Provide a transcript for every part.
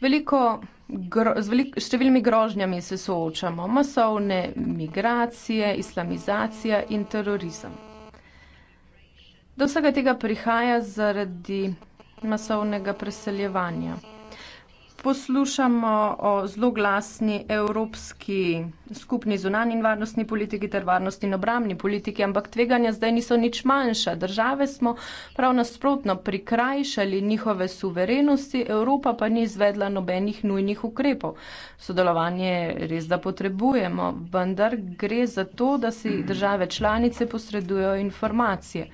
veliko gro, z veliko, številnimi grožnjami se soočamo. Masovne migracije, islamizacija in terorizem. Do vsega tega prihaja zaradi masovnega preseljevanja poslušamo o zelo glasni evropski skupni zunanji in varnostni politiki ter varnostni in obramni politiki, ampak tveganja zdaj niso nič manjša. Države smo prav nasprotno prikrajšali njihove suverenosti, Evropa pa ni izvedla nobenih nujnih ukrepov. Sodelovanje res da potrebujemo, vendar gre za to, da si države članice posredujo informacije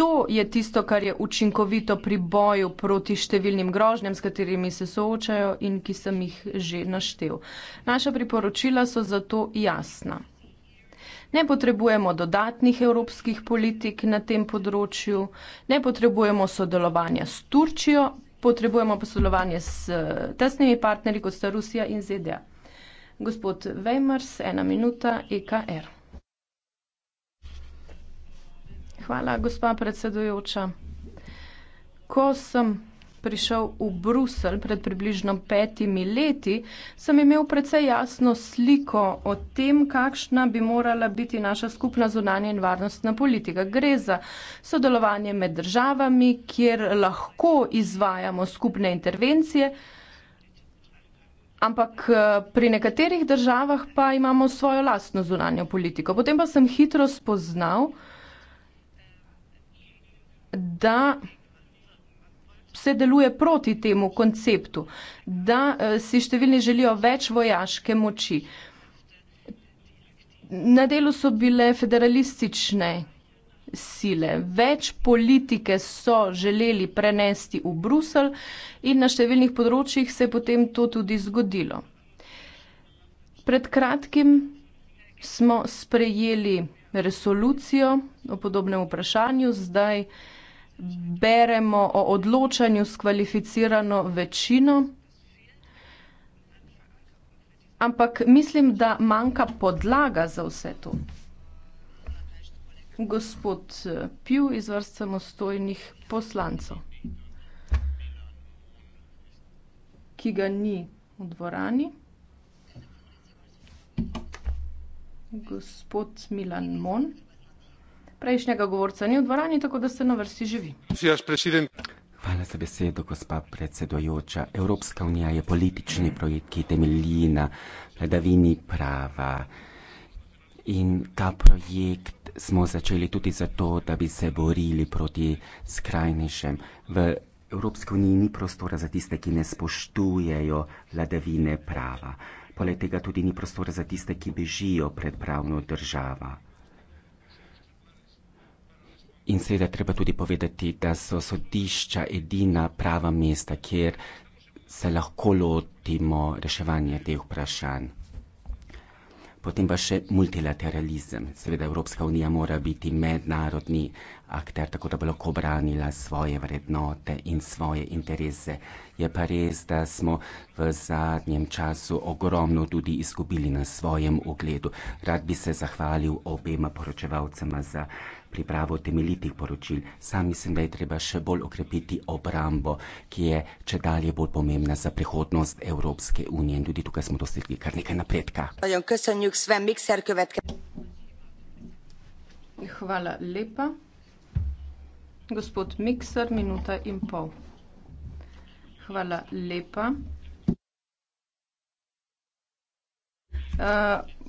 to je tisto, kar je učinkovito pri boju proti številnim grožnjam, s katerimi se soočajo in ki sem jih že naštel. Naša priporočila so zato jasna. Ne potrebujemo dodatnih evropskih politik na tem področju, ne potrebujemo sodelovanja s Turčijo, potrebujemo posodelovanje s tesnimi partnerji kot sta Rusija in ZDA. Gospod Weimers, ena minuta, EKR. hvala, gospa predsedujoča. Ko sem prišel v Bruselj pred približno petimi leti, sem imel precej jasno sliko o tem, kakšna bi morala biti naša skupna zunanja in varnostna politika. Gre za sodelovanje med državami, kjer lahko izvajamo skupne intervencije, ampak pri nekaterih državah pa imamo svojo lastno zunanjo politiko. Potem pa sem hitro spoznal, da se deluje proti temu konceptu, da eh, si številni želijo več vojaške moči. Na delu so bile federalistične sile, več politike so želeli prenesti v Bruselj in na številnih področjih se je potem to tudi zgodilo. Pred kratkim smo sprejeli resolucijo o podobnem vprašanju, zdaj beremo o odločanju s kvalificirano večino, ampak mislim, da manjka podlaga za vse to. Gospod Piv iz vrst samostojnih poslancev, ki ga ni v dvorani. Gospod Milan Mon. Prejšnjega govorca ni v dvorani, tako da se na vrsti živi. Hvala za besedo, gospa predsedojoča. Evropska unija je politični projekt, ki temelji na vladavini prava. In ta projekt smo začeli tudi zato, da bi se borili proti skrajnejšem. V Evropski uniji ni prostora za tiste, ki ne spoštujejo vladavine prava. Poleg tega tudi ni prostora za tiste, ki bežijo pred pravno državo. In seveda treba tudi povedati, da so sodišča edina prava mesta, kjer se lahko lotimo reševanja teh vprašanj. Potem pa še multilateralizem. Seveda Evropska unija mora biti mednarodni akter, tako da bo lahko branila svoje vrednote in svoje interese. Je pa res, da smo v zadnjem času ogromno tudi izgubili na svojem ogledu. Rad bi se zahvalil obema poročevalcema za pripravo temeljitih poročil. Sam mislim, da je treba še bolj okrepiti obrambo, ki je če dalje bolj pomembna za prihodnost Evropske unije. In tudi tukaj smo dosegli kar nekaj napredka. Hvala lepa. Gospod Mikser, minuta in pol. Hvala lepa. Uh,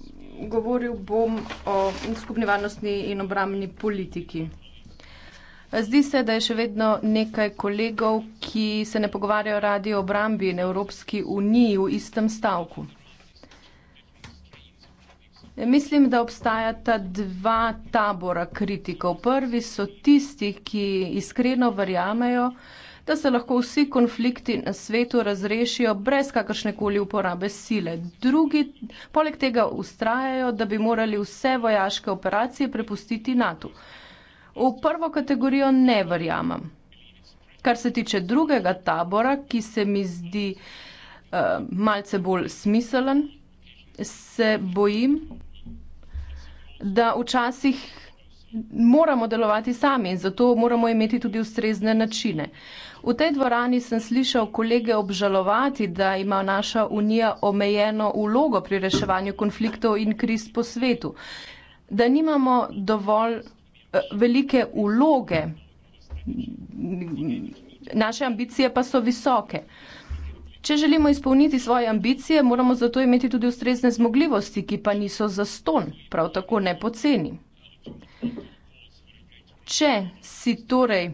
govoril bom o skupni varnostni in obramni politiki. Zdi se, da je še vedno nekaj kolegov, ki se ne pogovarjajo radi o obrambi in Evropski uniji v istem stavku. Mislim, da obstajata dva tabora kritikov. Prvi so tisti, ki iskreno verjamejo, da se lahko vsi konflikti na svetu razrešijo brez kakršnekoli uporabe sile. Drugi poleg tega ustrajajo, da bi morali vse vojaške operacije prepustiti NATO. V prvo kategorijo ne verjamem. Kar se tiče drugega tabora, ki se mi zdi uh, malce bolj smiselen, se bojim, da včasih moramo delovati sami in zato moramo imeti tudi ustrezne načine. V tej dvorani sem slišal kolege obžalovati, da ima naša unija omejeno ulogo pri reševanju konfliktov in kriz po svetu, da nimamo dovolj eh, velike uloge, naše ambicije pa so visoke. Če želimo izpolniti svoje ambicije, moramo zato imeti tudi ustrezne zmogljivosti, ki pa niso za ston, prav tako ne poceni. Če si torej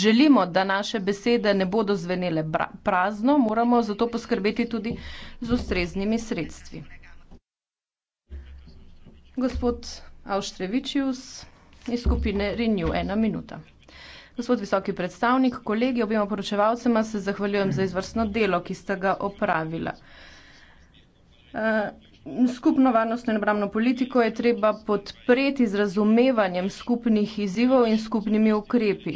želimo, da naše besede ne bodo zvenele prazno, moramo za to poskrbeti tudi z ustreznimi sredstvi. Gospod Avštrevičius iz skupine Renew, ena minuta. Gospod visoki predstavnik, kolegi, obema poročevalcema se zahvaljujem za izvrstno delo, ki sta ga opravila. Eh, skupno varnostno in obramno politiko je treba podpreti z razumevanjem skupnih izzivov in skupnimi ukrepi.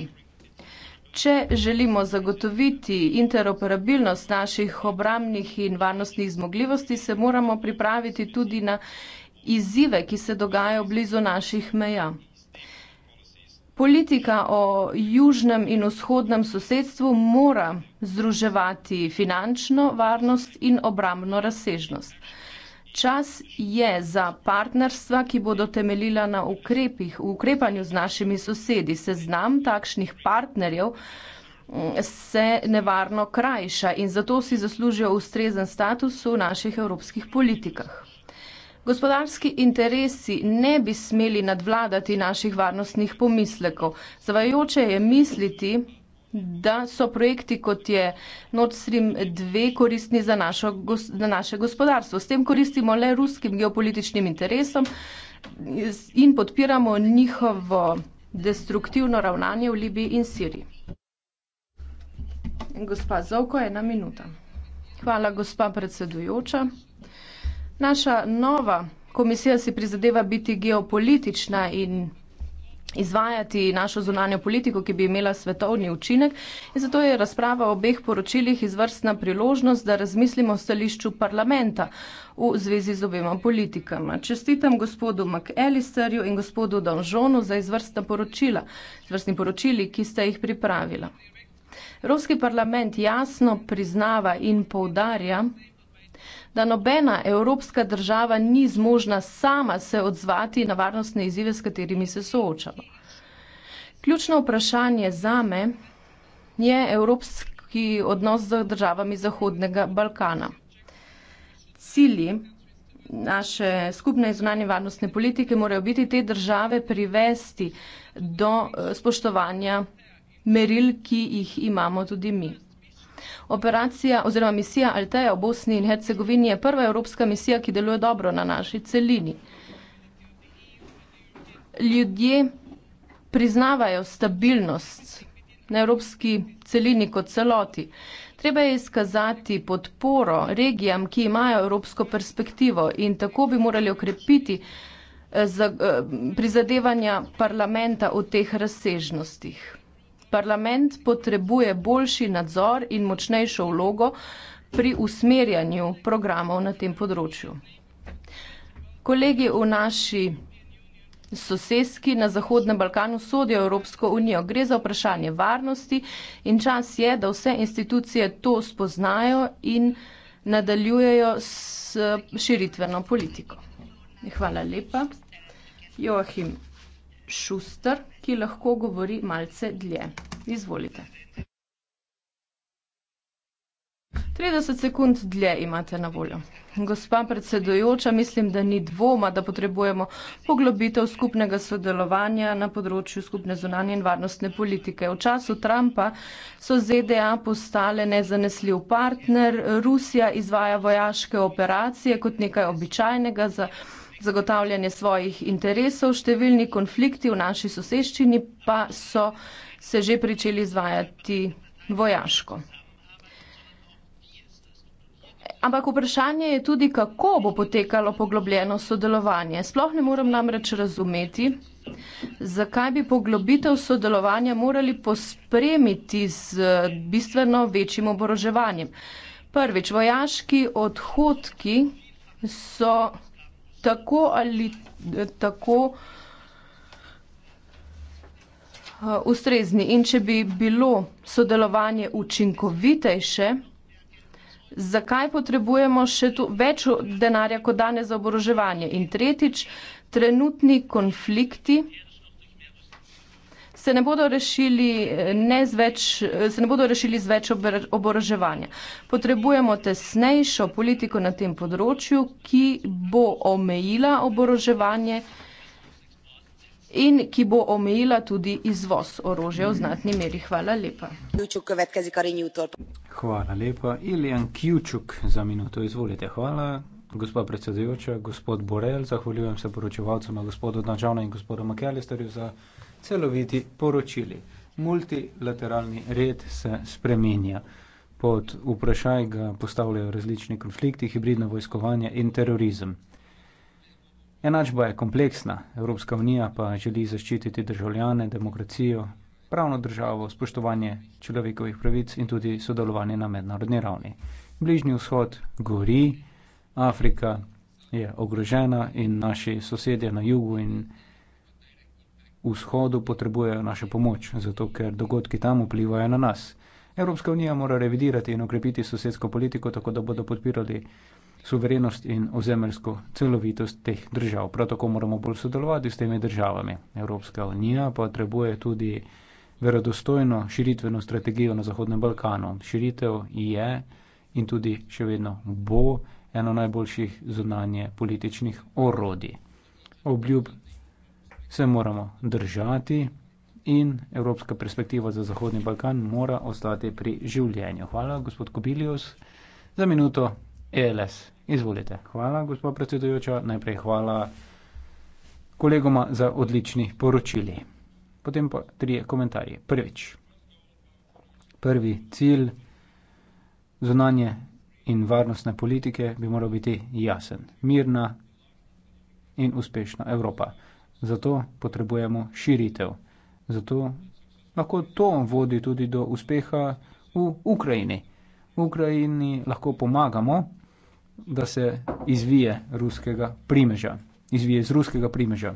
Če želimo zagotoviti interoperabilnost naših obramnih in varnostnih zmogljivosti, se moramo pripraviti tudi na izzive, ki se dogajajo blizu naših meja. Politika o južnem in vzhodnem sosedstvu mora združevati finančno varnost in obramno razsežnost. Čas je za partnerstva, ki bodo temeljila na ukrepih, v ukrepanju z našimi sosedi. Seznam takšnih partnerjev mm, se nevarno krajša in zato si zaslužijo ustrezen status v naših evropskih politikah. Gospodarski interesi ne bi smeli nadvladati naših varnostnih pomislekov. Zavajoče je misliti, da so projekti, kot je Nord Stream 2, koristni za, našo, za naše gospodarstvo. S tem koristimo le ruskim geopolitičnim interesom in podpiramo njihovo destruktivno ravnanje v Libiji in Siriji. Gospa Zovko, ena minuta. Hvala, gospa predsedujoča. Naša nova komisija si prizadeva biti geopolitična in izvajati našo zunanjo politiko, ki bi imela svetovni učinek. In zato je razprava o obeh poročilih izvrstna priložnost, da razmislimo o stališču parlamenta v zvezi z obema politikama. Čestitam gospodu McAllisterju in gospodu Donžonu za izvrstna poročila, izvrstni poročili, ki ste jih pripravila. Evropski parlament jasno priznava in poudarja, da nobena evropska država ni zmožna sama se odzvati na varnostne izzive, s katerimi se soočamo. Ključno vprašanje za me je evropski odnos z državami Zahodnega Balkana. Cilji naše skupne izunanje varnostne politike morajo biti te države privesti do eh, spoštovanja meril, ki jih imamo tudi mi. Operacija oziroma misija Alteja v Bosni in Hercegovini je prva evropska misija, ki deluje dobro na naši celini. Ljudje priznavajo stabilnost na evropski celini kot celoti. Treba je izkazati podporo regijam, ki imajo evropsko perspektivo in tako bi morali okrepiti eh, eh, prizadevanja parlamenta v teh razsežnostih. Parlament potrebuje boljši nadzor in močnejšo vlogo pri usmerjanju programov na tem področju. Kolegi v naši soseski na Zahodnem Balkanu sodijo Evropsko unijo. Gre za vprašanje varnosti in čas je, da vse institucije to spoznajo in nadaljujejo s širitveno politiko. Hvala lepa. Joachim. Šuster, ki lahko govori malce dlje. Izvolite. 30 sekund dlje imate na voljo. Gospa predsedojoča, mislim, da ni dvoma, da potrebujemo poglobitev skupnega sodelovanja na področju skupne zunanje in varnostne politike. V času Trumpa so ZDA postale nezanesljiv partner, Rusija izvaja vojaške operacije kot nekaj običajnega za zagotavljanje svojih interesov, številni konflikti v naši soseščini pa so se že pričeli izvajati vojaško. Ampak vprašanje je tudi, kako bo potekalo poglobljeno sodelovanje. Sploh ne morem namreč razumeti, zakaj bi poglobitev sodelovanja morali pospremiti z bistveno večjim oboroževanjem. Prvič, vojaški odhodki so tako ali tako eh, ustrezni. In če bi bilo sodelovanje učinkovitejše, zakaj potrebujemo še tu več denarja kot danes za oboroževanje? In tretjič, trenutni konflikti se ne bodo rešili, eh, ne z, več, eh, se ne bodo rešili z več oboroževanja. Potrebujemo tesnejšo politiko na tem področju, ki bo omejila oboroževanje in ki bo omejila tudi izvoz orožja v znatni meri. Hvala lepa. Hvala lepa. Ilijan Kjučuk za minuto. Izvolite. Hvala. Gospa predsedujoča, gospod Borel, zahvaljujem se poročevalcema, gospodu Nažavna in gospodu Makelisterju za celoviti poročili. Multilateralni red se spremenja. Pod vprašaj ga postavljajo različni konflikti, hibridno vojskovanje in terorizem. Enačba je kompleksna, Evropska unija pa želi zaščititi državljane, demokracijo, pravno državo, spoštovanje človekovih pravic in tudi sodelovanje na mednarodni ravni. Bližnji vzhod gori, Afrika je ogrožena in naši sosedje na jugu in vzhodu potrebujejo našo pomoč, zato ker dogodki tam vplivajo na nas. Evropska unija mora revidirati in okrepiti sosedsko politiko, tako da bodo podpirali suverenost in ozemeljsko celovitost teh držav. Prav tako moramo bolj sodelovati s temi državami. Evropska unija potrebuje tudi verodostojno širitveno strategijo na Zahodnem Balkanu. Širitev je in tudi še vedno bo eno najboljših zunanje političnih orodij. Obljub se moramo držati in evropska perspektiva za Zahodni Balkan mora ostati pri življenju. Hvala, gospod Kobilius, za minuto ELS. Izvolite. Hvala, gospod predsedujoča. Najprej hvala kolegoma za odlični poročili. Potem pa trije komentarji. Prvič. Prvi cilj zunanje in varnostne politike bi moral biti jasen. Mirna in uspešna Evropa zato potrebujemo širitev zato lahko to vodi tudi do uspeha v Ukrajini v Ukrajini lahko pomagamo da se izvije ruskega primeža izvije iz ruskega primeža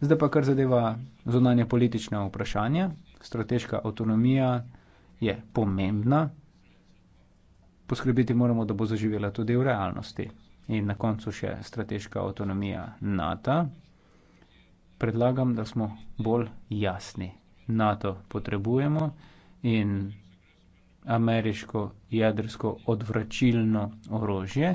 zdaj pa kar zadeva zonanje politična vprašanja strateška avtonomija je pomembna poskrbiti moramo da bo zaživela tudi v realnosti in na koncu še strateška avtonomija NATO predlagam, da smo bolj jasni. NATO potrebujemo in ameriško jedrsko odvračilno orožje.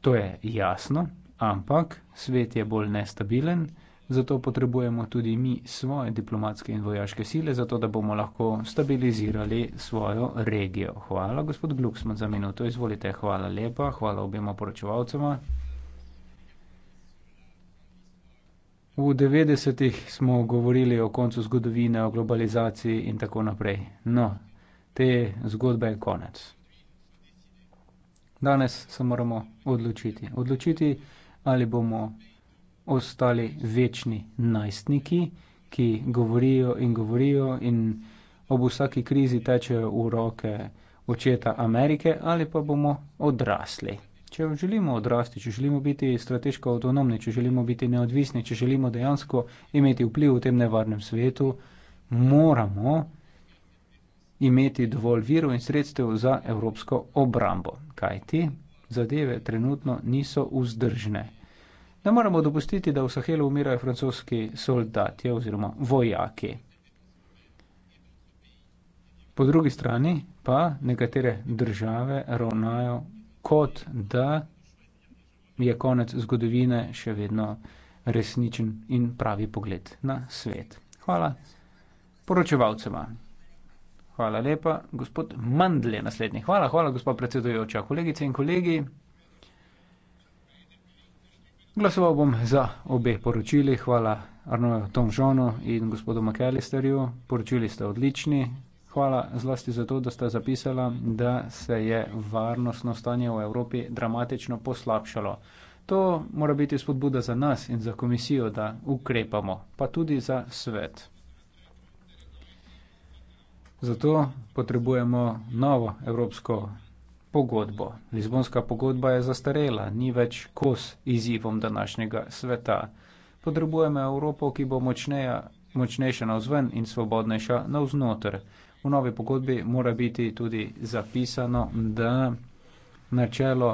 To je jasno, ampak svet je bolj nestabilen, zato potrebujemo tudi mi svoje diplomatske in vojaške sile, zato da bomo lahko stabilizirali svojo regijo. Hvala, gospod Glucksmann, za minuto. Izvolite, hvala lepa, hvala obema poročevalcema. V 90-ih smo govorili o koncu zgodovine, o globalizaciji in tako naprej. No, te zgodbe je konec. Danes se moramo odločiti. Odločiti, ali bomo ostali večni najstniki, ki govorijo in govorijo in ob vsaki krizi tečejo v roke očeta Amerike, ali pa bomo odrasli če želimo odrasti, če želimo biti strateško avtonomni, če želimo biti neodvisni, če želimo dejansko imeti vpliv v tem nevarnem svetu, moramo imeti dovolj virov in sredstev za evropsko obrambo. Kaj ti? Zadeve trenutno niso vzdržne. Ne moramo dopustiti, da v Sahelu umirajo francoski soldati oziroma vojaki. Po drugi strani pa nekatere države ravnajo kot da je konec zgodovine še vedno resničen in pravi pogled na svet. Hvala poročevalcema. Hvala lepa. Gospod Mandl je naslednji. Hvala, hvala, gospod predsedujoča. Kolegice in kolegi, glasoval bom za obe poročili. Hvala Arnoju Tomžonu in gospodu McAllisterju. Poročili ste odlični, Hvala zlasti za to, da ste zapisala, da se je varnostno stanje v Evropi dramatično poslabšalo. To mora biti spodbuda za nas in za komisijo, da ukrepamo, pa tudi za svet. Zato potrebujemo novo evropsko pogodbo. Lizbonska pogodba je zastarela, ni več kos izzivom današnjega sveta. Potrebujemo Evropo, ki bo močneja, močnejša na vzven in svobodnejša na vznoter. V novi pogodbi mora biti tudi zapisano, da načelo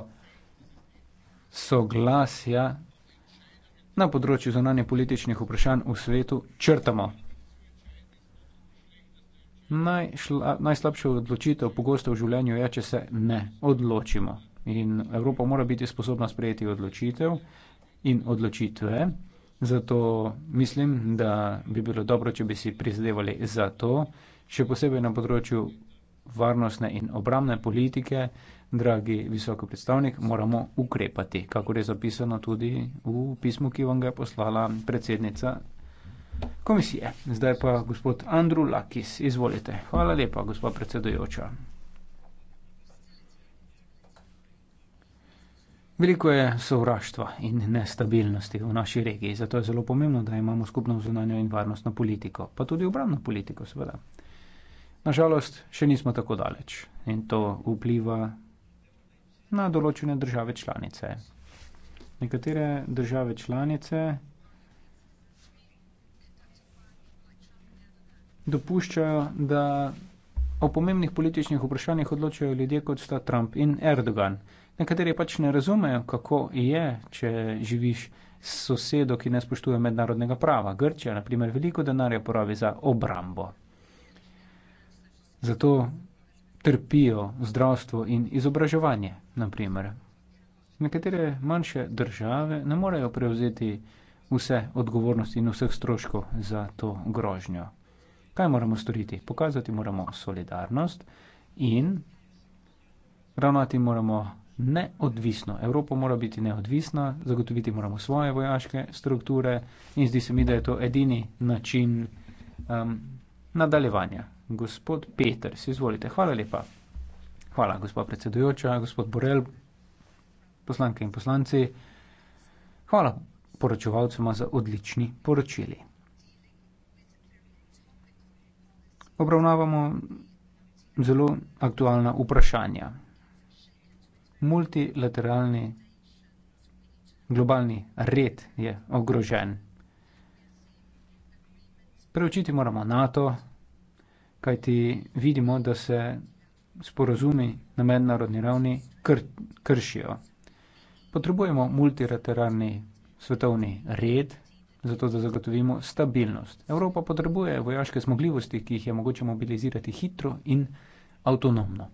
soglasja na področju zunanje političnih vprašanj v svetu črtamo. Najšla, najslabša odločitev pogosto v življenju je, če se ne odločimo. In Evropa mora biti sposobna sprejeti odločitev in odločitve. Zato mislim, da bi bilo dobro, če bi si prizadevali za to, še posebej na področju varnostne in obramne politike, dragi visoko predstavnik, moramo ukrepati, kako je zapisano tudi v pismu, ki vam ga je poslala predsednica komisije. Zdaj pa gospod Andrew Lakis, izvolite. Hvala lepa, gospa predsedujoča. Veliko je sovraštva in nestabilnosti v naši regiji, zato je zelo pomembno, da imamo skupno zunanjo in varnostno politiko, pa tudi obramno politiko, seveda. Nažalost, še nismo tako daleč in to vpliva na določene države članice. Nekatere države članice dopuščajo, da o pomembnih političnih vprašanjih odločajo ljudje kot sta Trump in Erdogan. Nekateri pač ne razumejo, kako je, če živiš s sosedo, ki ne spoštuje mednarodnega prava. Grčija, na primer, veliko denarja porabi za obrambo zato trpijo zdravstvo in izobraževanje na primer nekatere manjše države ne morejo prevzeti vse odgovornosti in vseh stroškov za to grožnjo kaj moramo storiti pokazati moramo solidarnost in ravnati moramo neodvisno. Evropa mora biti neodvisna, zagotoviti moramo svoje vojaške strukture in zdi se mi, da je to edini način um, nadaljevanja. Gospod Peter, si izvolite. Hvala lepa. Hvala, gospod predsedujoča, gospod Borel, poslanke in poslanci. Hvala poročevalcema za odlični poročili. Obravnavamo zelo aktualna vprašanja. Multilateralni globalni red je ogrožen. Preučiti moramo NATO, kajti vidimo, da se sporozumi na mednarodni ravni kr kršijo. Potrebujemo multilateralni svetovni red, zato da zagotovimo stabilnost. Evropa potrebuje vojaške zmogljivosti, ki jih je mogoče mobilizirati hitro in avtonomno.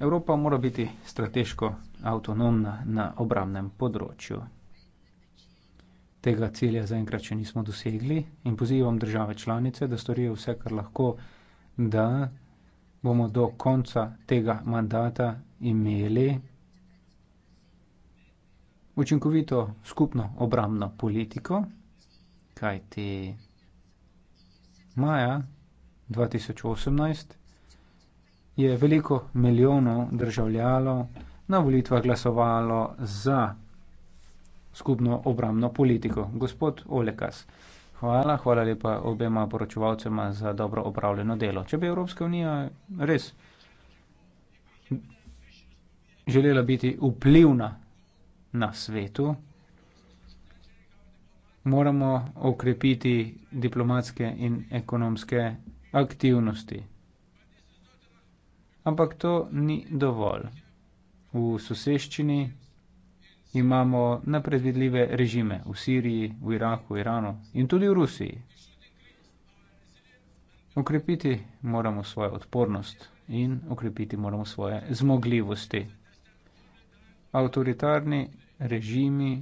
Evropa mora biti strateško avtonomna na obramnem področju tega cilja zaenkrat še nismo dosegli in pozivam države članice, da storijo vse, kar lahko, da bomo do konca tega mandata imeli učinkovito skupno obramno politiko, kajti maja 2018 je veliko milijonov državljalo na volitvah glasovalo za skupno obramno politiko. Gospod Olekas, hvala, hvala lepa obema poročevalcema za dobro opravljeno delo. Če bi Evropska unija res želela biti vplivna na svetu, moramo okrepiti diplomatske in ekonomske aktivnosti. Ampak to ni dovolj. V soseščini imamo nepredvidljive režime v siriji v iraku iranu in tudi v rusiji okrepiti moramo svojo odpornost in okrepiti moramo svoje zmogljivosti avtoritarni režimi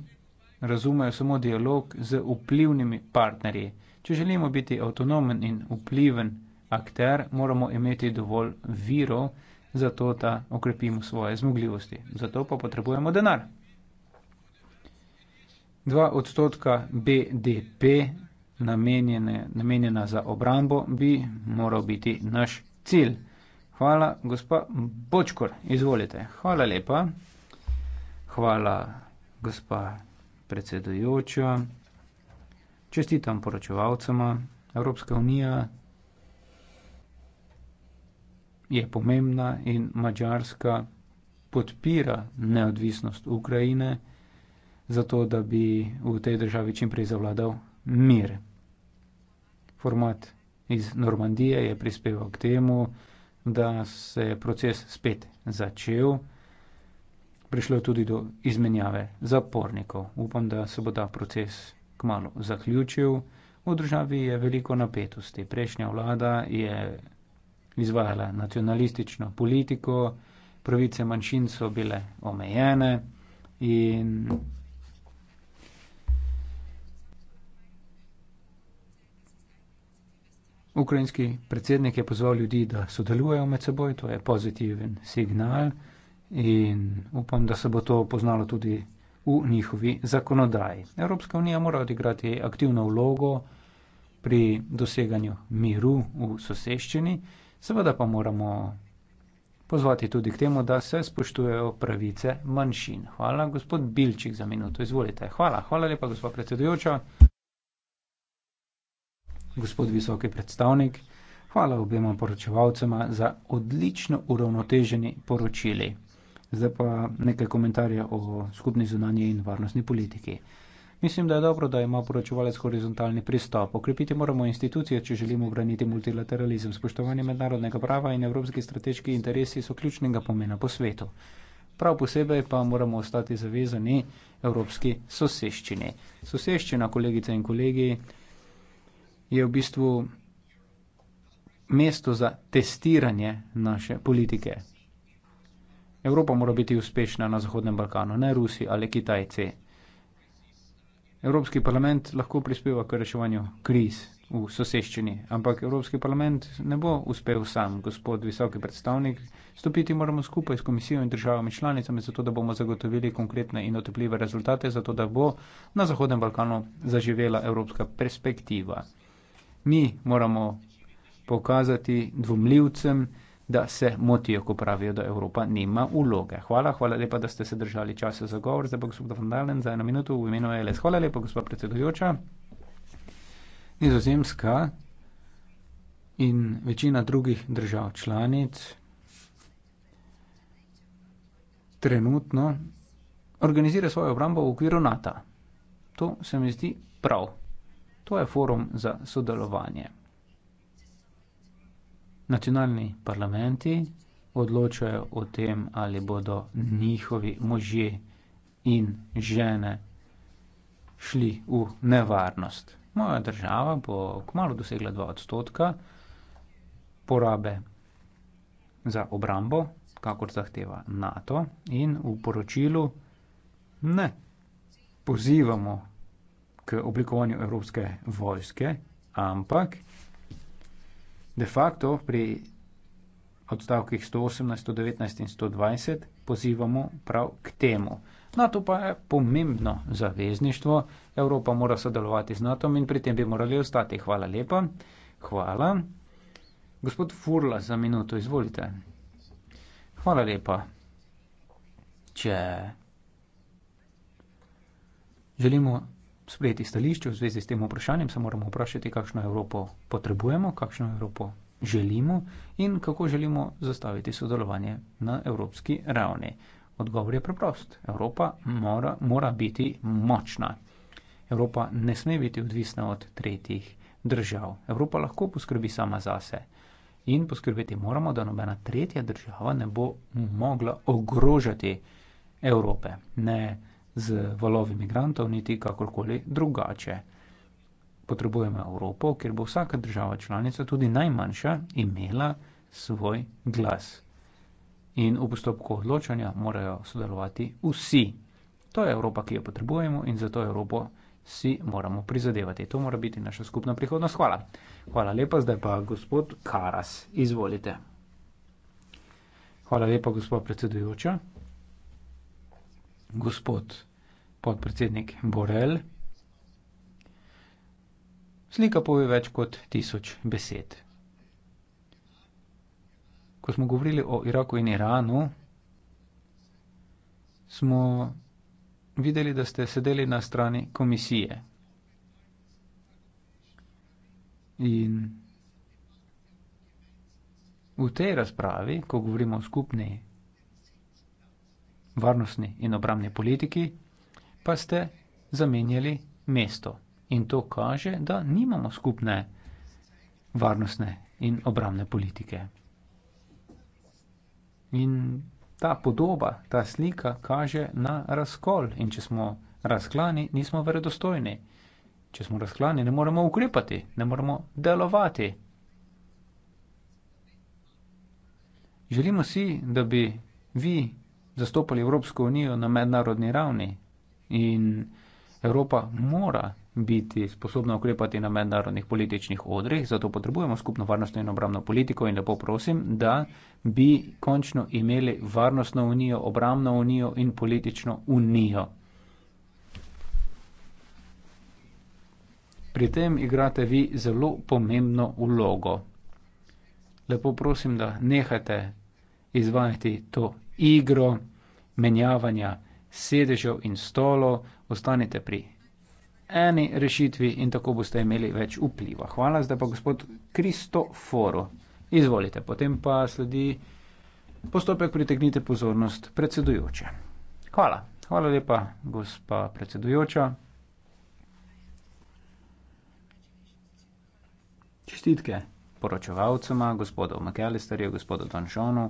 razumejo samo dialog z vplivnimi partnerji če želimo biti avtonomen in vpliven akter moramo imeti dovolj virov zato da okrepimo svoje zmogljivosti zato pa potrebujemo denar 2 odstotka BDP namenjena za obrambo bi moral biti naš cilj. Hvala, gospa Bočkor, izvolite. Hvala lepa. Hvala, gospa predsedujoča. Čestitam poročevalcema. Evropska unija je pomembna in Madžarska podpira neodvisnost Ukrajine zato da bi v tej državi čimprej zavladal mir. Format iz Normandije je prispeval k temu, da se je proces spet začel. Prišlo je tudi do izmenjave zapornikov. Upam, da se bo ta proces kmalo zaključil. V državi je veliko napetosti. Prejšnja vlada je izvajala nacionalistično politiko, pravice manjšin so bile omejene in Ukrajinski predsednik je pozval ljudi, da sodelujejo med seboj, to je pozitiven signal in upam, da se bo to poznalo tudi v njihovi zakonodaji. Evropska unija mora odigrati aktivno vlogo pri doseganju miru v soseščini, seveda pa moramo pozvati tudi k temu, da se spoštujejo pravice manjšin. Hvala, gospod Bilčik, za minuto. Izvolite. Hvala, hvala lepa, gospod predsedujoča gospod visoki predstavnik. Hvala obema poročevalcema za odlično uravnoteženi poročili. Zdaj pa nekaj komentarja o skupni zunanji in varnostni politiki. Mislim, da je dobro, da ima poročevalec horizontalni pristop. Okrepiti moramo institucije, če želimo braniti multilateralizem. Spoštovanje mednarodnega prava in evropski strateški interesi so ključnega pomena po svetu. Prav posebej pa moramo ostati zavezani evropski soseščini. Soseščina, kolegice in kolegi, je v bistvu mesto za testiranje naše politike. Evropa mora biti uspešna na Zahodnem Balkanu, ne Rusi ali Kitajci. Evropski parlament lahko prispeva k reševanju kriz v soseščini, ampak Evropski parlament ne bo uspel sam, gospod visoki predstavnik. Stopiti moramo skupaj s komisijo in državami članicami, zato da bomo zagotovili konkretne in otepljive rezultate, zato da bo na Zahodnem Balkanu zaživela evropska perspektiva mi moramo pokazati dvomljivcem, da se motijo, ko pravijo, da Evropa nima uloge. Hvala, hvala lepa, da ste se držali časa za govor. Zdaj pa gospod Vandalen za eno minuto v imenu LS. Hvala lepa, gospod predsedujoča. Nizozemska in večina drugih držav članic trenutno organizira svojo obrambo v okviru NATO. To se mi zdi prav to je forum za sodelovanje nacionalni parlamenti odločajo o tem ali bodo njihovi možje in žene šli v nevarnost moja država bo kmalo dosegla 2 odstotka porabe za obrambo kakor zahteva NATO in v poročilu ne pozivamo k oblikovanju evropske vojske, ampak de facto pri odstavkih 118, 119 in 120 pozivamo prav k temu. NATO pa je pomembno zavezništvo, Evropa mora sodelovati z NATO in pri tem bi morali ostati. Hvala lepa. Hvala. Gospod Furla, za minuto izvolite. Hvala lepa. Če želimo sprejeti stališče v zvezi s tem vprašanjem, se moramo vprašati, kakšno Evropo potrebujemo, kakšno Evropo želimo in kako želimo zastaviti sodelovanje na evropski ravni. Odgovor je preprost. Evropa mora, mora biti močna. Evropa ne sme biti odvisna od tretjih držav. Evropa lahko poskrbi sama zase. In poskrbeti moramo, da nobena tretja država ne bo mogla ogrožati Evrope. Ne z valovi migrantov niti kakorkoli drugače. Potrebujemo Evropo, kjer bo vsaka država članica, tudi najmanjša, imela svoj glas. In v postopku odločanja morajo sodelovati vsi. To je Evropa, ki jo potrebujemo in za to Evropo si moramo prizadevati. To mora biti naša skupna prihodnost. Hvala. Hvala lepa, zdaj pa gospod Karas. Izvolite. Hvala lepa, gospod predsedujoča gospod podpredsednik Borel. Slika pove več kot tisoč besed. Ko smo govorili o Iraku in Iranu, smo videli, da ste sedeli na strani komisije. In v tej razpravi, ko govorimo o skupni varnostni in obramni politiki, pa ste zamenjali mesto. In to kaže, da nimamo skupne varnostne in obramne politike. In ta podoba, ta slika kaže na razkol. In če smo razklani, nismo verodostojni. Če smo razklani, ne moremo ukrepati, ne moremo delovati. Želimo si, da bi vi zastopali Evropsko unijo na mednarodni ravni in Evropa mora biti sposobna ukrepati na mednarodnih političnih odreh, zato potrebujemo skupno varnostno in obramno politiko in lepo prosim, da bi končno imeli varnostno unijo, obramno unijo in politično unijo. Pri tem igrate vi zelo pomembno vlogo. Lepo prosim, da nehajte izvajati to igro menjavanja sedežev in stolov, ostanite pri eni rešitvi in tako boste imeli več vpliva. Hvala, zdaj pa gospod Kristoforo. Izvolite, potem pa sledi postopek pritegnite pozornost predsedujoče. Hvala. Hvala lepa, gospa predsedujoča. Čestitke poročevalcema, gospodu McAllisterju, gospodu Donžonu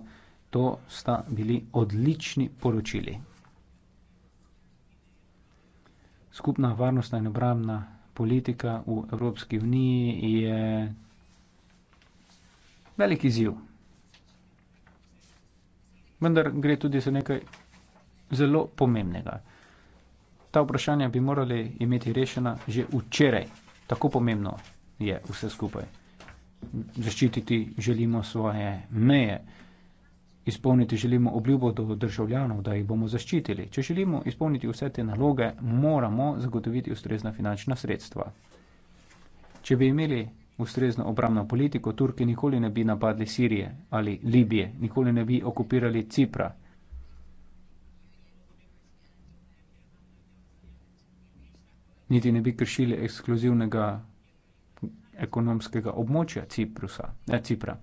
to sta bili odlični poročili. Skupna varnostna in obramna politika v Evropski uniji je velik izziv. Vendar gre tudi za nekaj zelo pomembnega. Ta vprašanja bi morali imeti rešena že včeraj. Tako pomembno je vse skupaj. Zaščititi želimo svoje meje izpolniti želimo obljubo do državljanov da jih bomo zaščitili če želimo izpolniti vse te naloge moramo zagotoviti ustrezna finančna sredstva če bi imeli ustrezno obrambno politiko turki nikoli ne bi napadli sirije ali libije nikoli ne bi okupirali cipra niti ne bi kršili ekskluzivnega ekonomskega območja ciprusa, eh, cipra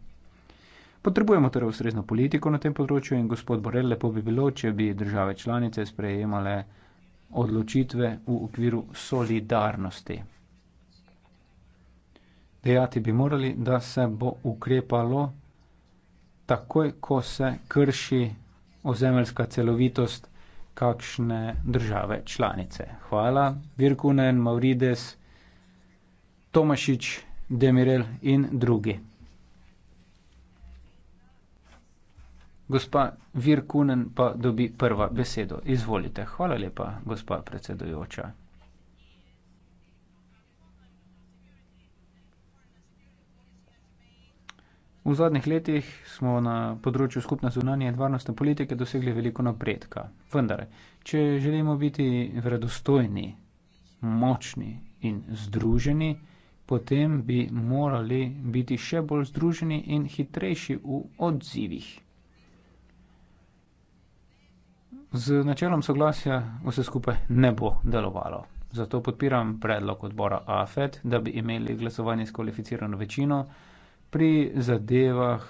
potrebujemo torej ustrezno politiko na tem področju in gospod borrell lepo bi bilo če bi države članice sprejemale odločitve v okviru solidarnosti dejati bi morali da se bo ukrepalo takoj ko se krši ozemeljska celovitost kakšne države članice. Hvala Virkunen, Maurides, Tomašič, Demirel in drugi. Gospa Virkunen pa dobi prva besedo. Izvolite. Hvala lepa, gospa predsedujoča. V zadnjih letih smo na področju skupne zunanje in varnostne politike dosegli veliko napredka. Vendar, če želimo biti vredostojni, močni in združeni, potem bi morali biti še bolj združeni in hitrejši v odzivih. Z načelom soglasja vse skupaj ne bo delovalo. Zato podpiram predlog odbora AFED, da bi imeli glasovanje s kvalificirano večino pri zadevah,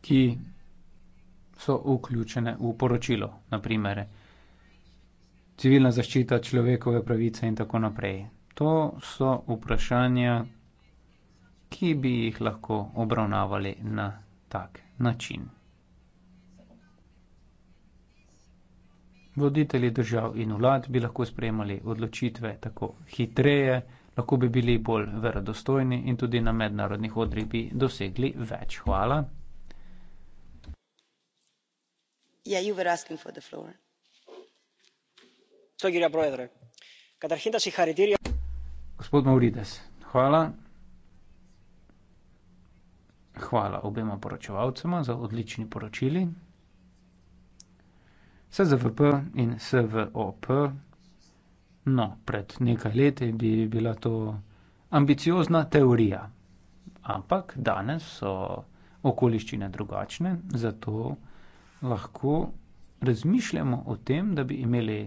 ki so vključene v poročilo, naprimer civilna zaščita človekove pravice in tako naprej. To so vprašanja, ki bi jih lahko obravnavali na tak način. Voditelji držav in vlad bi lahko sprejemali odločitve tako hitreje, lahko bi bili bolj verodostojni in tudi na mednarodnih odrih bi dosegli več. Hvala. Yeah, you were asking for the floor. Gospod Maurides, hvala. Hvala obema poročevalcema za odlični poročili. SZVP in SVOP. No, pred nekaj leti bi bila to ambiciozna teorija. Ampak danes so okoliščine drugačne, zato lahko razmišljamo o tem, da bi imeli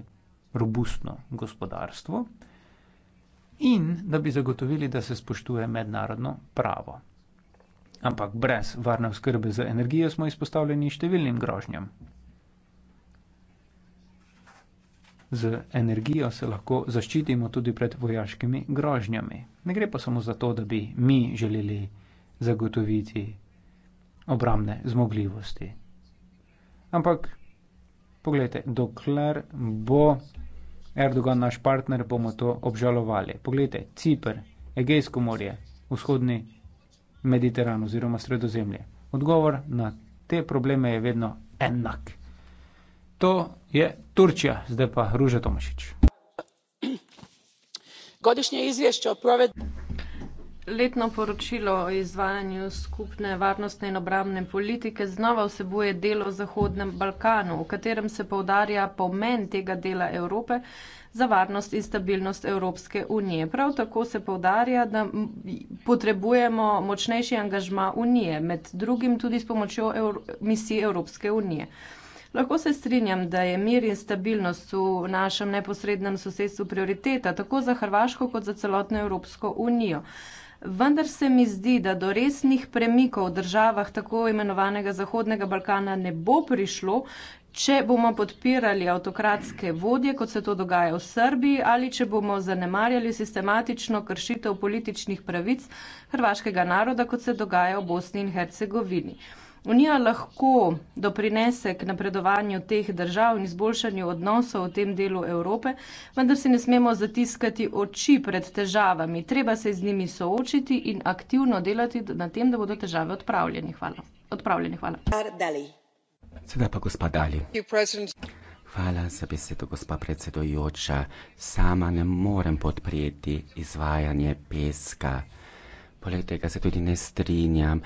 robustno gospodarstvo in da bi zagotovili, da se spoštuje mednarodno pravo. Ampak brez varne oskrbe za energijo smo izpostavljeni številnim grožnjam, Z energijo se lahko zaščitimo tudi pred vojaškimi grožnjami. Ne gre pa samo za to, da bi mi želeli zagotoviti obramne zmogljivosti. Ampak pogledajte, dokler bo Erdogan naš partner, bomo to obžalovali. Poglejte, Cipr, Egejsko morje, vzhodni Mediteran oziroma sredozemlje. Odgovor na te probleme je vedno enak. To je turčija zdaj pa ruža tomašič Godišnje izvješće o provedbi Letno poročilo o izvajanju skupne varnostne in obramne politike znova vsebuje delo o Zahodnem Balkanu, v katerem se povdarja pomen tega dela Evrope za varnost in stabilnost Evropske unije. Prav tako se povdarja, da potrebujemo močnejši angažma unije, med drugim tudi s pomočjo Evro misij Evropske unije. Lahko se strinjam, da je mir in stabilnost v našem neposrednem sosedstvu prioriteta, tako za Hrvaško kot za celotno Evropsko unijo. Vendar se mi zdi, da do resnih premikov v državah tako imenovanega Zahodnega Balkana ne bo prišlo, če bomo podpirali avtokratske vodje, kot se to dogaja v Srbiji, ali če bomo zanemarjali sistematično kršitev političnih pravic hrvaškega naroda, kot se dogaja v Bosni in Hercegovini. Unija lahko doprinese k napredovanju teh držav in izboljšanju odnosov v tem delu Evrope, vendar si ne smemo zatiskati oči pred težavami. Treba se z njimi soočiti in aktivno delati na tem, da bodo težave odpravljeni. Hvala. Odpravljeni, hvala. Sedaj pa gospod Dali. Hvala za besedo, gospa predsedojoča. Sama ne morem podpreti izvajanje peska. Poleg tega se tudi ne strinjam,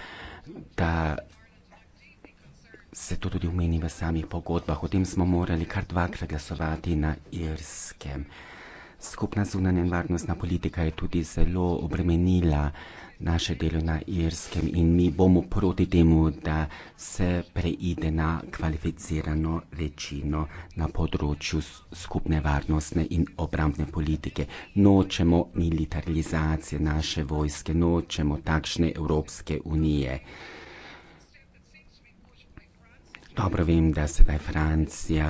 da se to tudi umeni v samih pogodbah. O tem smo morali kar dvakrat glasovati na Irskem. Skupna zunanja in varnostna politika je tudi zelo obremenila naše delo na Irskem in mi bomo proti temu, da se preide na kvalificirano večino na področju skupne varnostne in obrambne politike. Nočemo militarizacije naše vojske, nočemo takšne Evropske unije. Dobro vem, da sedaj Francija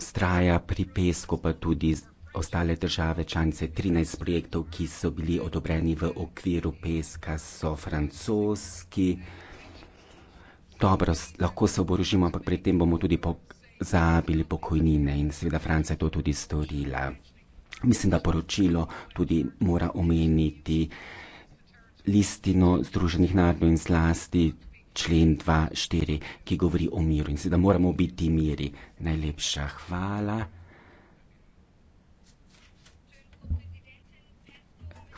straja pri pesku, pa tudi ostale države članice. 13 projektov, ki so bili odobreni v okviru peska, so francoski. Dobro, lahko se oborožimo, ampak pri tem bomo tudi pozabili pokojnine in seveda Francija je to tudi storila. Mislim, da poročilo tudi mora omeniti listino Združenih narodov in zlasti člen 2.4, ki govori o miru in se, da moramo biti miri. Najlepša hvala.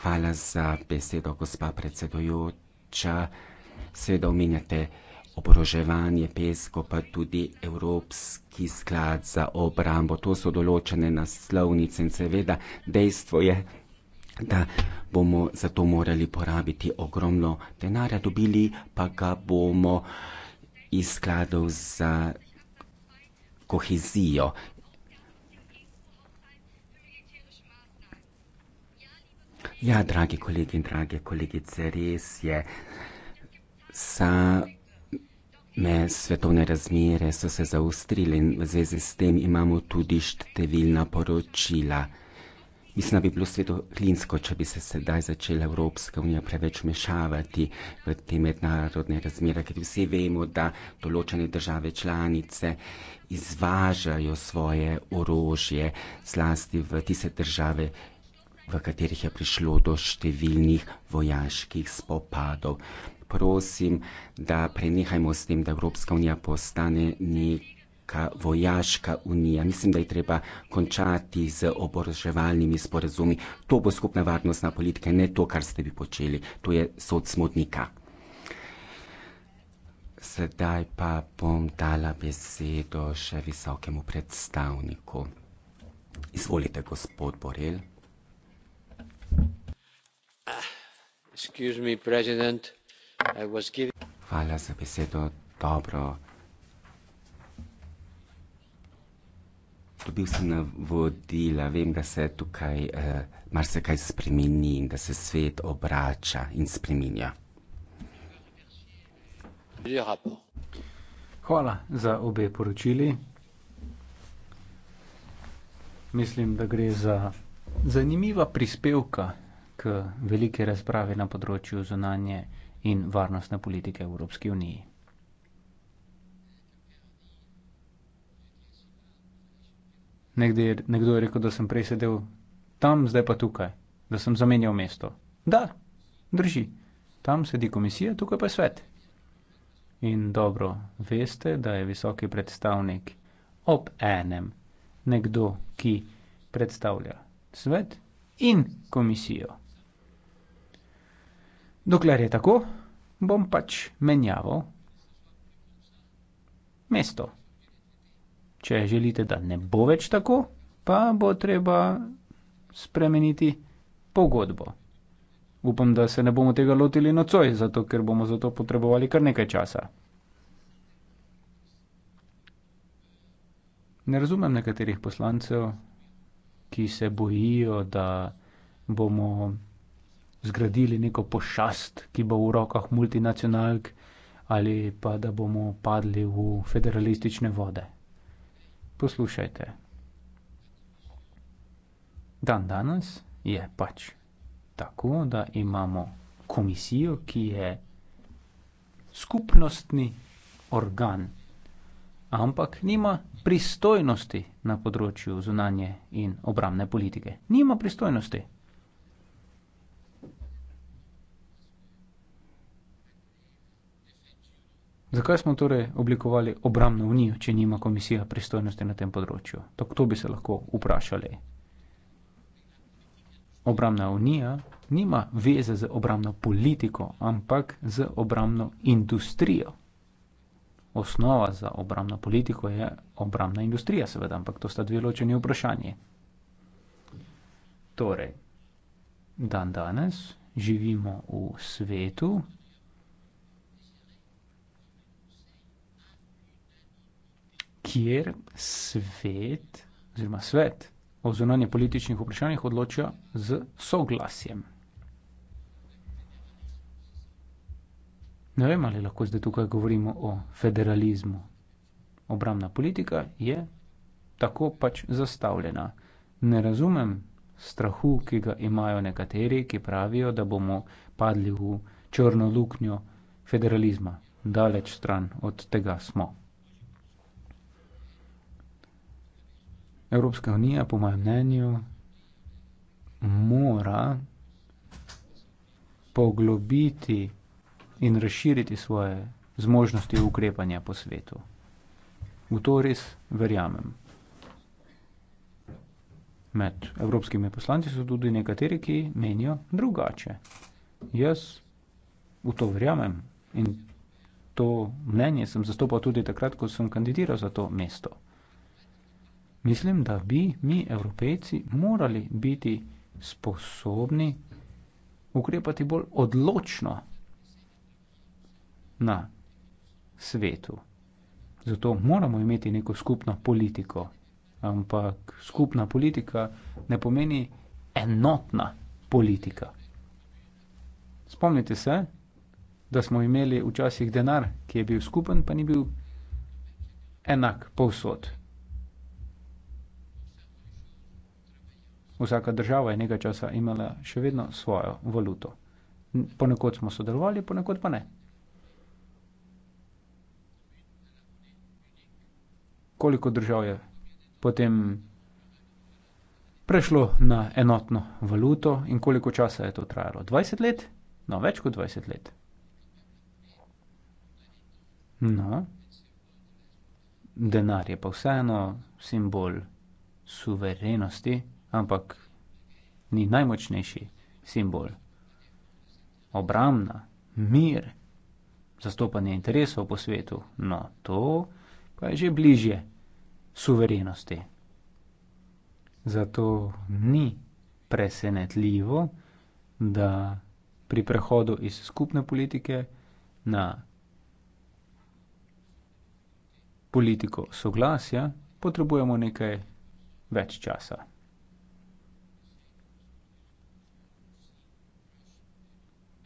Hvala za besedo, gospa predsedojoča. Seveda omenjate oboroževanje PESCO, pa tudi Evropski sklad za obrambo. To so določene naslovnice in seveda dejstvo je, da bomo za to morali porabiti ogromno denarja, dobili pa ga bomo iz skladov za kohezijo. Ja, dragi kolegi in drage kolegice, res je, sa me svetovne razmere so se zaustrile in v zvezi s tem imamo tudi številna poročila. Mislim, da bi bilo svetu klinsko, če bi se sedaj začela Evropska unija preveč mešavati v te mednarodne razmere, ker vsi vemo, da določene države članice izvažajo svoje orožje, zlasti v tiste države, v katerih je prišlo do številnih vojaških spopadov. Prosim, da prenehajmo s tem, da Evropska unija postane nek neka vojaška unija. Mislim, da je treba končati z oboroževalnimi sporazumi. To bo skupna varnostna politika, ne to, kar ste vi počeli. To je sod smotnika. Sedaj pa bom dala besedo še visokemu predstavniku. Izvolite, gospod Borel. Hvala za besedo. Dobro dobil sem navodila, vem, da se tukaj eh, marsikaj spremeni in da se svet obrača in spremenja. Hvala za obe poročili. Mislim, da gre za zanimiva prispevka k velike razprave na področju zunanje in varnostne politike v Evropski uniji. Nekde, nekdo je rekel, da sem prej sedel tam, zdaj pa tukaj, da sem zamenjal mesto. Da, drži. Tam sedi komisija, tukaj pa je svet. In dobro, veste, da je visoki predstavnik ob enem nekdo, ki predstavlja svet in komisijo. Dokler je tako, bom pač menjaval mesto. Če želite, da ne bo več tako, pa bo treba spremeniti pogodbo. Upam, da se ne bomo tega lotili nocoj, zato ker bomo za to potrebovali kar nekaj časa. Ne razumem nekaterih poslancev, ki se bojijo, da bomo zgradili neko pošast, ki bo v rokah multinacionalk ali pa da bomo padli v federalistične vode poslušajte. Dan danes je pač tako, da imamo komisijo, ki je skupnostni organ, ampak nima pristojnosti na področju zunanje in obramne politike. Nima pristojnosti. Zakaj smo torej oblikovali obramno unijo, če nima komisija pristojnosti na tem področju? Tako to bi se lahko vprašali. Obramna unija nima veze z obramno politiko, ampak z obramno industrijo. Osnova za obramno politiko je obramna industrija, seveda, ampak to sta dve ločeni vprašanje. Torej, dan danes živimo v svetu, kjer svet, oziroma svet o zunanje političnih vprašanjih odloča z soglasjem. Ne vem, ali lahko zdaj tukaj govorimo o federalizmu. Obramna politika je tako pač zastavljena. Ne razumem strahu, ki ga imajo nekateri, ki pravijo, da bomo padli v črno luknjo federalizma. Daleč stran od tega smo. Evropska unija, po mojem mnenju, mora poglobiti in razširiti svoje zmožnosti ukrepanja po svetu. V to res verjamem. Med evropskimi poslanci so tudi nekateri, ki menijo drugače. Jaz v to verjamem in to mnenje sem zastopal tudi takrat, ko sem kandidiral za to mesto. Mislim, da bi mi, evropejci, morali biti sposobni ukrepati bolj odločno na svetu. Zato moramo imeti neko skupno politiko, ampak skupna politika ne pomeni enotna politika. Spomnite se, da smo imeli včasih denar, ki je bil skupen, pa ni bil enak povsod. Vsaka država je nekaj časa imela še vedno svojo valuto. Ponekod smo sodelovali, ponekod pa ne. Koliko držav je potem prešlo na enotno valuto in koliko časa je to trajalo? 20 let? No, več kot 20 let. No, denar je pa vseeno simbol suverenosti ampak ni najmočnejši simbol. Obramna, mir, zastopanje interesov po svetu, no to pa je že bližje suverenosti. Zato ni presenetljivo, da pri prehodu iz skupne politike na politiko soglasja potrebujemo nekaj več časa.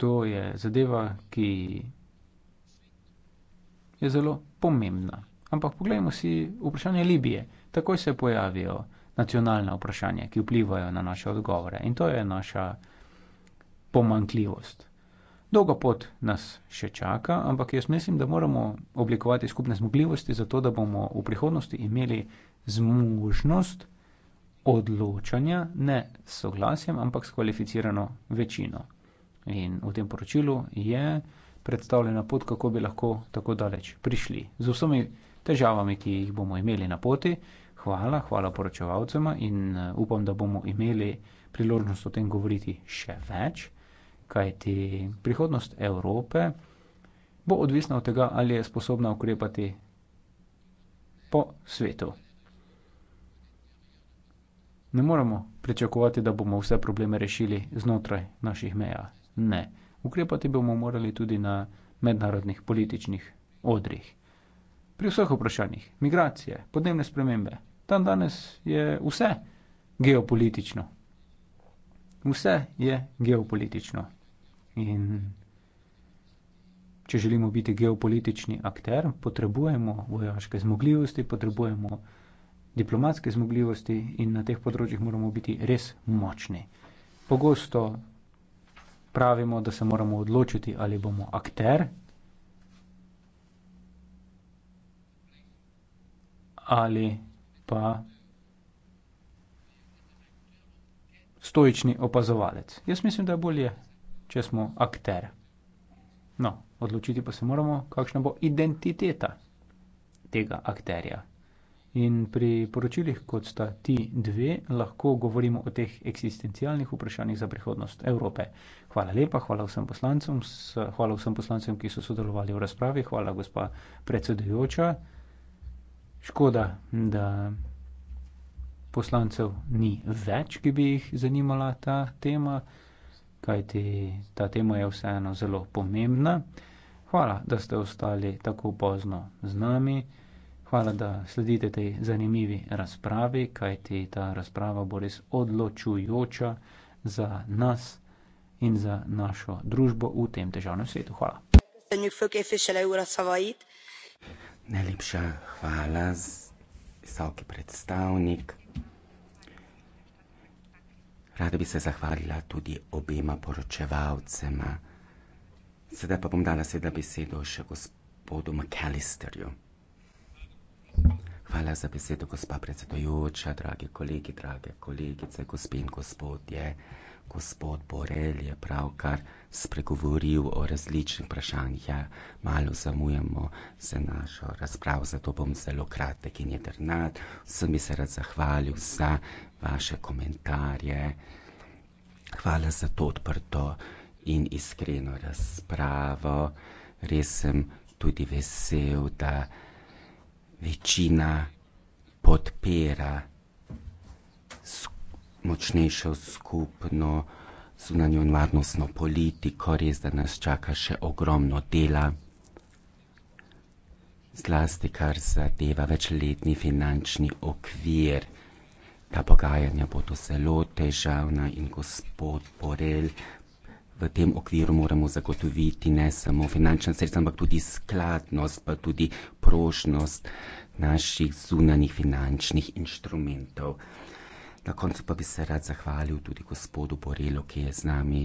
to je zadeva, ki je zelo pomembna. Ampak poglejmo si vprašanje Libije. Takoj se pojavijo nacionalna vprašanja, ki vplivajo na naše odgovore in to je naša pomankljivost. Dolga pot nas še čaka, ampak jaz mislim, da moramo oblikovati skupne zmogljivosti, zato da bomo v prihodnosti imeli zmožnost odločanja ne s soglasjem, ampak s kvalificirano večino. In v tem poročilu je predstavljena pot, kako bi lahko tako daleč prišli. Z vsemi težavami, ki jih bomo imeli na poti, hvala, hvala poročevalcema in eh, upam, da bomo imeli priložnost o tem govoriti še več, kajti prihodnost Evrope bo odvisna od tega, ali je sposobna ukrepati po svetu. Ne moremo pričakovati, da bomo vse probleme rešili znotraj naših meja ne ukrepati bomo morali tudi na mednarodnih političnih odrih pri vseh vprašanjih migracije podnebne spremembe tam danes je vse geopolitično vse je geopolitično in če želimo biti geopolitični akter potrebujemo vojaške zmogljivosti potrebujemo diplomatske zmogljivosti in na teh področjih moramo biti res močni pogosto pravimo, da se moramo odločiti, ali bomo akter ali pa stoični opazovalec. Jaz mislim, da je bolje, če smo akter. No, odločiti pa se moramo, kakšna bo identiteta tega akterja in pri poročilih kot sta ti dve lahko govorimo o teh eksistencialnih vprašanjih za prihodnost Evrope. Hvala lepa, hvala vsem poslancem, hvala vsem poslancem, ki so sodelovali v razpravi, hvala gospa predsedujoča. Škoda, da poslancev ni več, ki bi jih zanimala ta tema, kajti ta tema je vseeno zelo pomembna. Hvala, da ste ostali tako pozno z nami. Hvala, da sledite tej zanimivi razpravi, kajti ta razprava bo res odločujoča za nas in za našo družbo v tem težavnem svetu. Hvala. Najlepša hvala, visoki predstavnik. Rada bi se zahvalila tudi obema poročevalcema. Sedaj pa bom dala seveda besedo še gospodu McAllisterju. Hvala za besedo, gospa predsedujoča, dragi kolegi, drage kolegice, gospe in gospodje. Gospod Borel je pravkar spregovoril o različnih vprašanjih. Ja, malo zamujamo z našo razpravo, zato bom zelo kratek in jedrnat. Vsem bi se rad zahvalil za vaše komentarje. Hvala za to odprto in iskreno razpravo. Res sem tudi vesel, da večina podpira močnejšo skupno zunanjo in varnostno politiko, res da nas čaka še ogromno dela, zlasti kar zadeva večletni finančni okvir. Ta pogajanja bodo zelo težavna in gospod Borrell v tem okviru moramo zagotoviti ne samo finančna sredstva, ampak tudi skladnost, pa tudi prožnost naših zunanih finančnih inštrumentov. Na koncu pa bi se rad zahvalil tudi gospodu Borelu, ki je z nami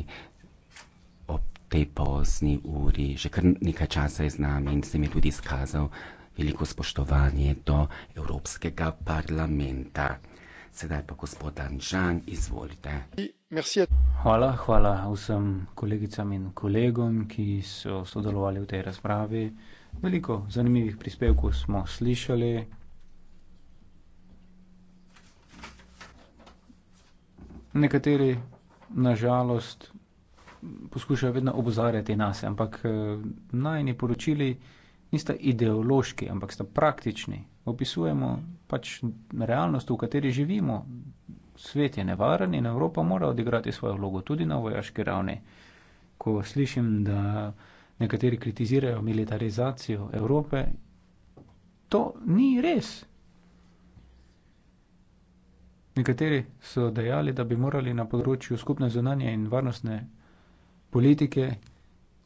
ob tej pozni uri. Že kar nekaj časa je z nami in se mi je tudi izkazal veliko spoštovanje do Evropskega parlamenta. Sedaj pa gospod Anžan, izvolite. Hvala, hvala vsem kolegicam in kolegom, ki so sodelovali v tej razpravi. Veliko zanimivih prispevkov smo slišali. Nekateri, nažalost, poskušajo vedno obozarjati nas, ampak eh, najni poročili nista ideološki, ampak sta praktični opisujemo pač realnost, v kateri živimo. Svet je nevaren in Evropa mora odigrati svojo vlogo tudi na vojaški ravni. Ko slišim, da nekateri kritizirajo militarizacijo Evrope, to ni res. Nekateri so dejali, da bi morali na področju skupne zunanje in varnostne politike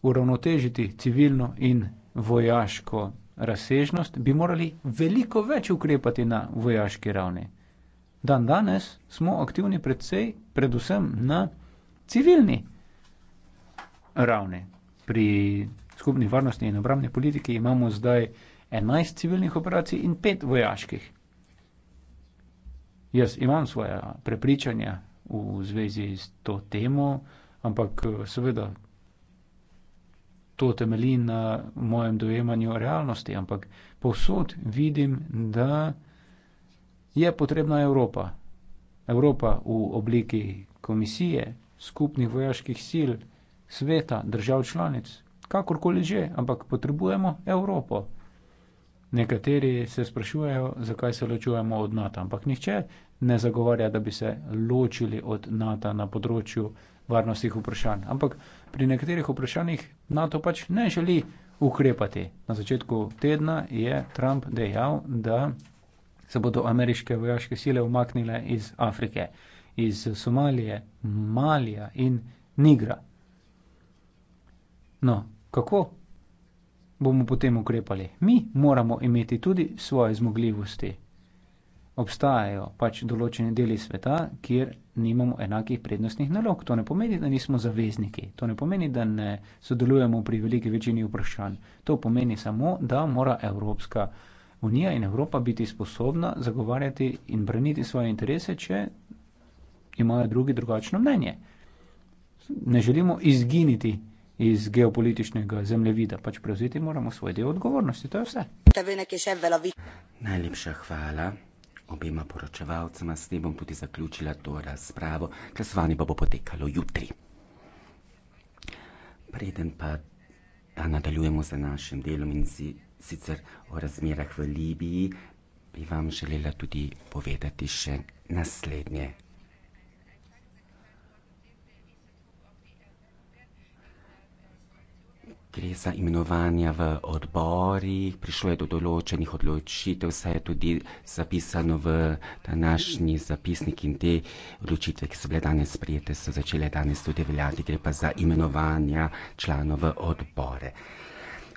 uravnotežiti civilno in vojaško razsežnost, bi morali veliko več ukrepati na vojaški ravni. Dan danes smo aktivni predvsej, predvsem na civilni ravni. Pri skupni varnostni in obramni politiki imamo zdaj 11 civilnih operacij in 5 vojaških. Jaz imam svoje prepričanja v zvezi s to temo, ampak seveda to temelji na mojem dojemanju realnosti, ampak povsod vidim, da je potrebna Evropa. Evropa v obliki komisije, skupnih vojaških sil, sveta, držav članic, kakorkoli že, ampak potrebujemo Evropo. Nekateri se sprašujejo, zakaj se ločujemo od NATO, ampak nihče ne zagovarja, da bi se ločili od NATO na področju varnostnih vprašanj. Ampak pri nekaterih vprašanjih NATO pač ne želi ukrepati. Na začetku tedna je Trump dejal, da se bodo ameriške vojaške sile umaknile iz Afrike, iz Somalije, Malija in Nigra. No, kako bomo potem ukrepali. Mi moramo imeti tudi svoje zmogljivosti. Obstajajo pač določene deli sveta, kjer nimamo enakih prednostnih nalog. To ne pomeni, da nismo zavezniki, to ne pomeni, da ne sodelujemo pri veliki večini vprašanj. To pomeni samo, da mora Evropska unija in Evropa biti sposobna zagovarjati in braniti svoje interese, če imajo drugi drugačno mnenje. Ne želimo izginiti iz geopolitičnega zemljevida, pač prevzeti moramo svoj del odgovornosti. To je vse. Najlepša hvala obima poročevalcema, s tem bom tudi zaključila to razpravo. Glasovanje pa bo potekalo jutri. Preden pa da nadaljujemo z našim delom in si, sicer o razmerah v Libiji, bi vam želela tudi povedati še naslednje. gre za imenovanja v odborih, prišlo je do določenih odločitev, vse je tudi zapisano v današnji zapisnik in te odločitve, ki so bile danes sprijete, so začele danes tudi veljati, gre pa za imenovanja članov odbore.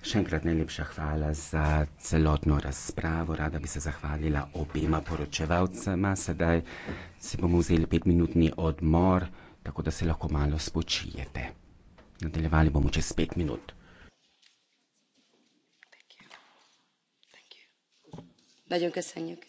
Še enkrat najlepša hvala za celotno razpravo. Rada bi se zahvalila obema poročevalcema. Sedaj si bomo vzeli petminutni odmor, tako da se lahko malo spočijete. Nadaljevali bomo čez pet minut. nagyon köszönjük!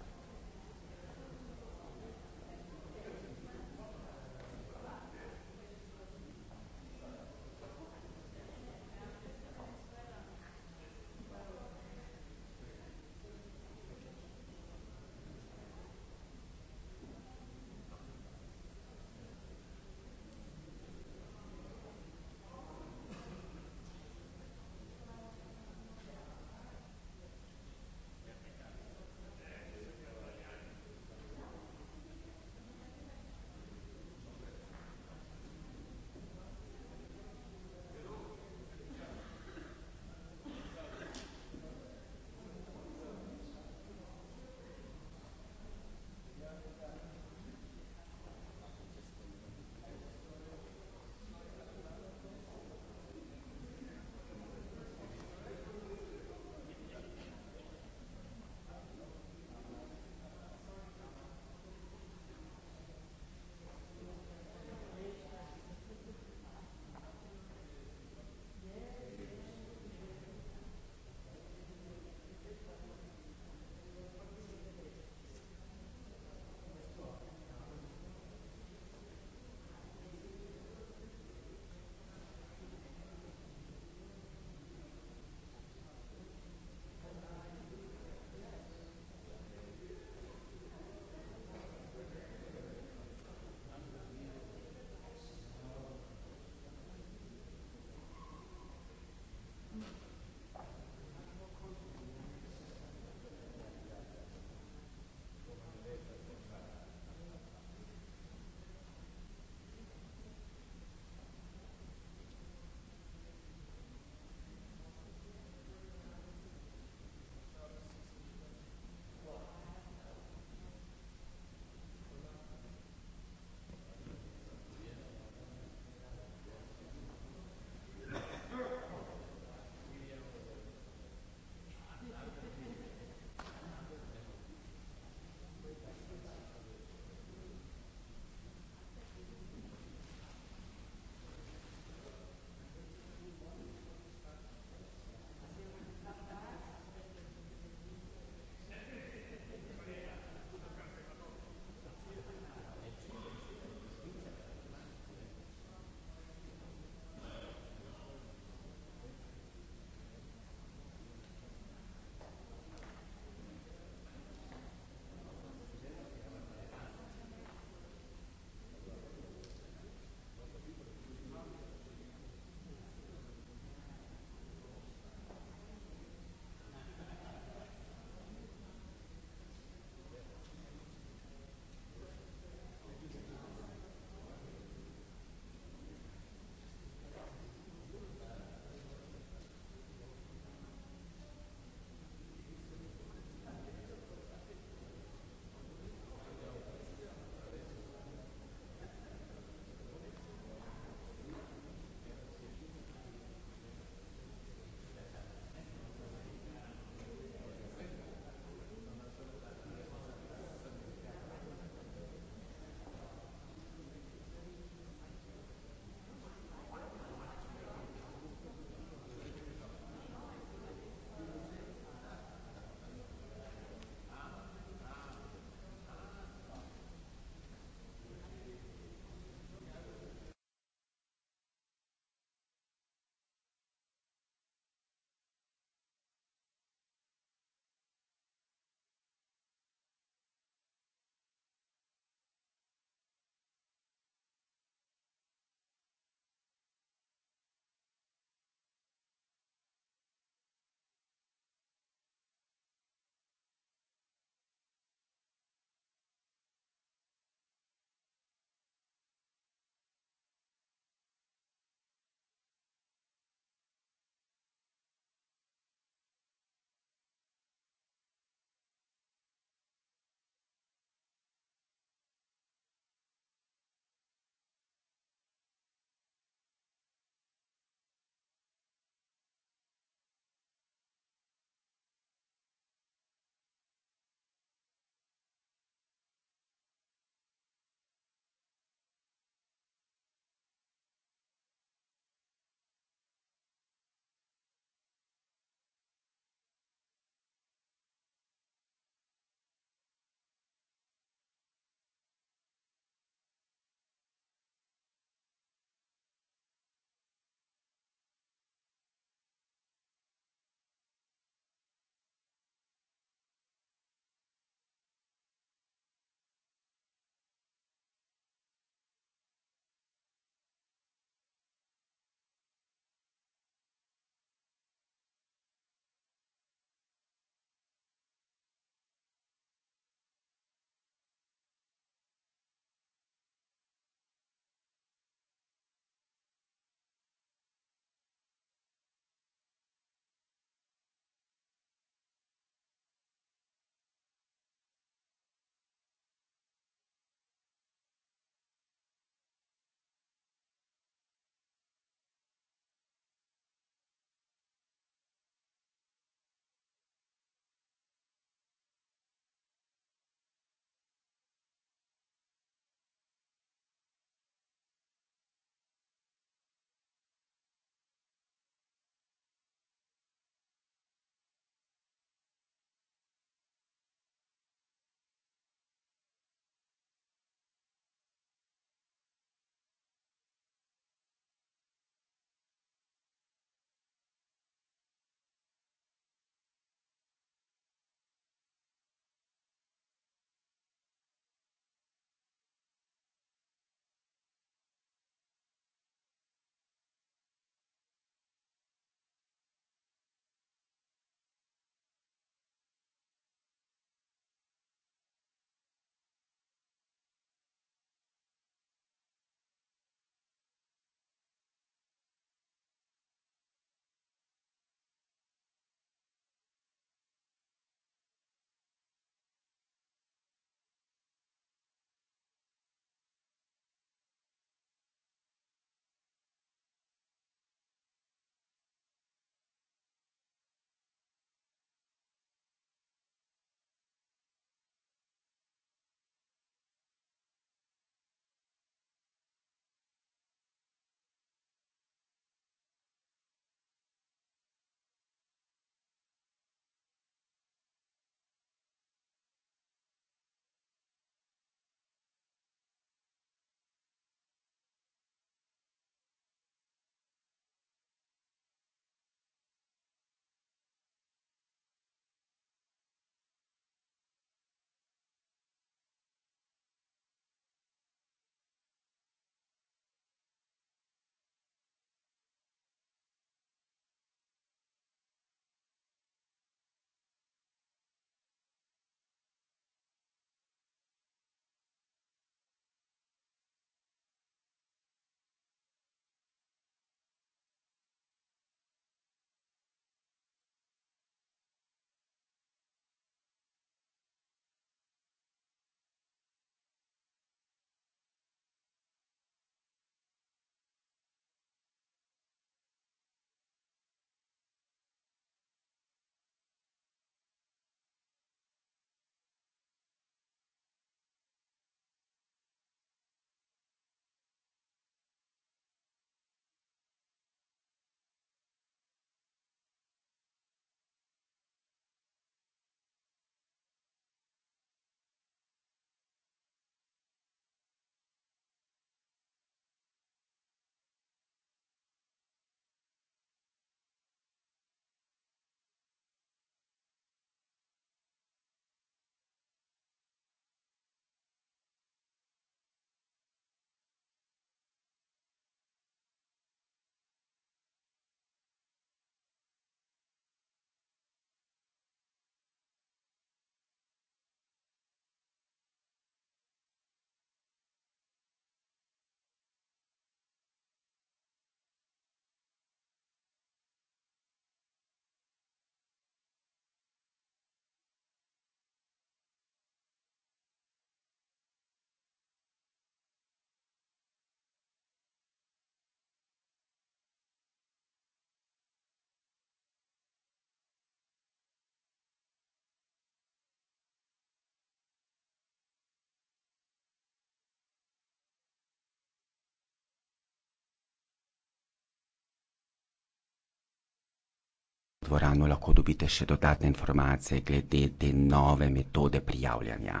dvorano lahko dobite še dodatne informacije glede te nove metode prijavljanja.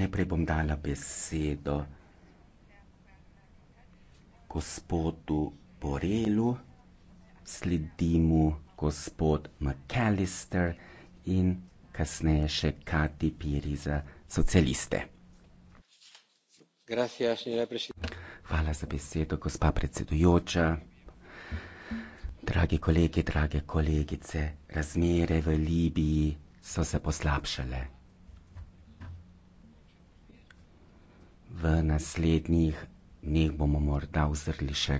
Najprej bom dala besedo gospodu Borelu, sledi mu gospod McAllister in kasneje še Kati Piri za socialiste. Hvala za besedo, gospa predsedujoča. Dragi kolegi, drage kolegice, razmere v Libiji so se poslabšale. V naslednjih dneh bomo morda uzrli še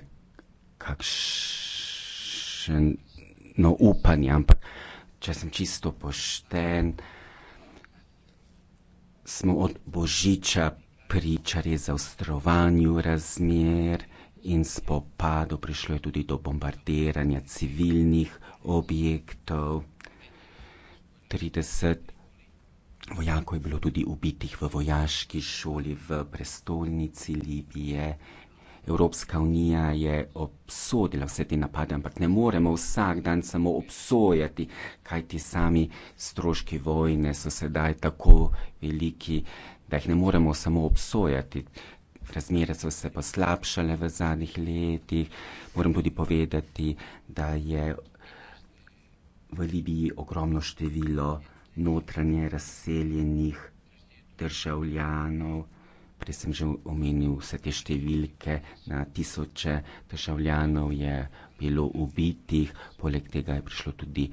kakšno upanje, ampak če sem čisto pošten, smo od božiča pri čari zaostrovanju razmer in spopadu prišlo je tudi do bombardiranja civilnih objektov. 30 vojakov je bilo tudi ubitih v vojaški šoli v prestolnici Libije. Evropska unija je obsodila vse te napade, ampak ne moremo vsak dan samo obsojati, kajti sami stroški vojne so sedaj tako veliki, da jih ne moremo samo obsojati. Razmere so se poslabšale v zadnjih letih. Moram tudi povedati, da je v Libiji ogromno število notranje razseljenih državljanov. Prej sem že omenil vse te številke, na tisoče državljanov je bilo ubitih, poleg tega je prišlo tudi